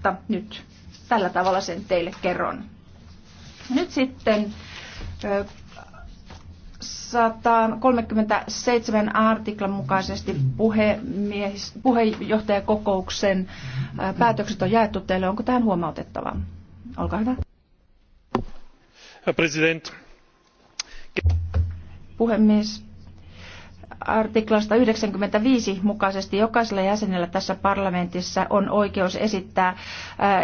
mutta nyt tällä tavalla sen teille kerron. Nyt sitten 137 artiklan mukaisesti puhemies, puheenjohtajakokouksen päätökset on jaettu teille. Onko tähän huomautettavaa? Olkaa hyvä. President. Puhemies, artiklasta 95 mukaisesti jokaisella jäsenellä tässä parlamentissa on oikeus esittää äh,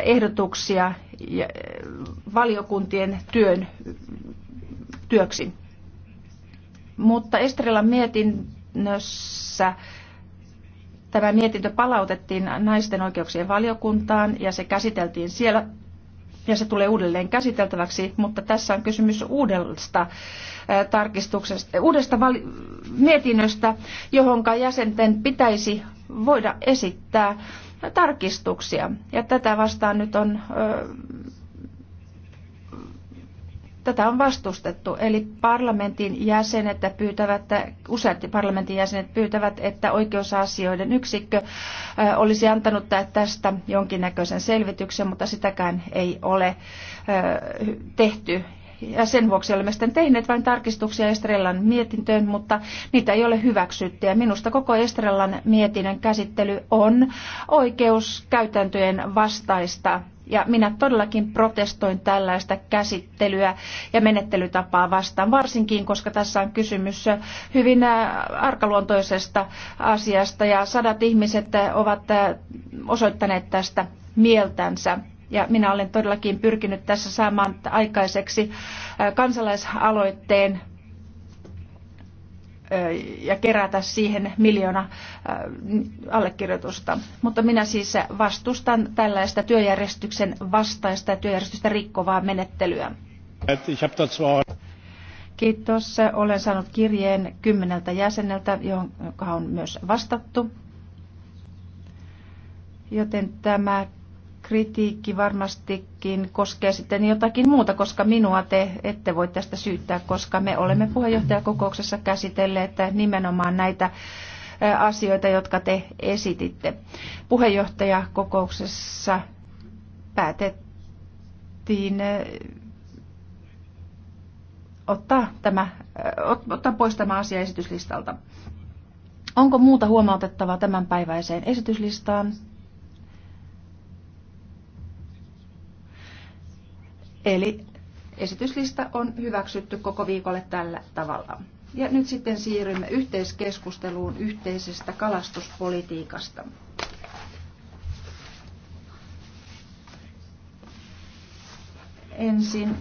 ehdotuksia äh, valiokuntien työn työksi. Mutta Estrelan mietinnössä tämä mietintö palautettiin naisten oikeuksien valiokuntaan ja se käsiteltiin siellä ja se tulee uudelleen käsiteltäväksi, mutta tässä on kysymys uudesta tarkistuksesta, uudesta vali- mietinnöstä, johon jäsenten pitäisi voida esittää tarkistuksia. Ja tätä vastaan nyt on Tätä on vastustettu, eli parlamentin jäsenet pyytävät, useat parlamentin jäsenet pyytävät, että oikeusasioiden yksikkö olisi antanut tästä jonkinnäköisen selvityksen, mutta sitäkään ei ole tehty. Ja sen vuoksi olemme sitten tehneet vain tarkistuksia Estrellan mietintöön, mutta niitä ei ole hyväksytty. Ja minusta koko Estrellan mietinnön käsittely on oikeuskäytäntöjen vastaista ja minä todellakin protestoin tällaista käsittelyä ja menettelytapaa vastaan, varsinkin koska tässä on kysymys hyvin äh, arkaluontoisesta asiasta ja sadat ihmiset äh, ovat äh, osoittaneet tästä mieltänsä. Ja minä olen todellakin pyrkinyt tässä saamaan aikaiseksi kansalaisaloitteen ja kerätä siihen miljoona allekirjoitusta. Mutta minä siis vastustan tällaista työjärjestyksen vastaista ja työjärjestystä rikkovaa menettelyä. Kiitos. Olen saanut kirjeen kymmeneltä jäseneltä, johon on myös vastattu. Joten tämä kritiikki varmastikin koskee sitten jotakin muuta, koska minua te ette voi tästä syyttää, koska me olemme puheenjohtajakokouksessa käsitelleet nimenomaan näitä asioita, jotka te esititte. Puheenjohtajakokouksessa päätettiin ottaa, tämä, ottaa pois tämä asia esityslistalta. Onko muuta huomautettavaa tämänpäiväiseen esityslistaan? Eli esityslista on hyväksytty koko viikolle tällä tavalla. Ja nyt sitten siirrymme yhteiskeskusteluun yhteisestä kalastuspolitiikasta. Ensin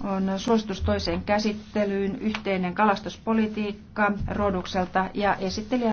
on suositus toiseen käsittelyyn yhteinen kalastuspolitiikka Rodukselta ja esittelijä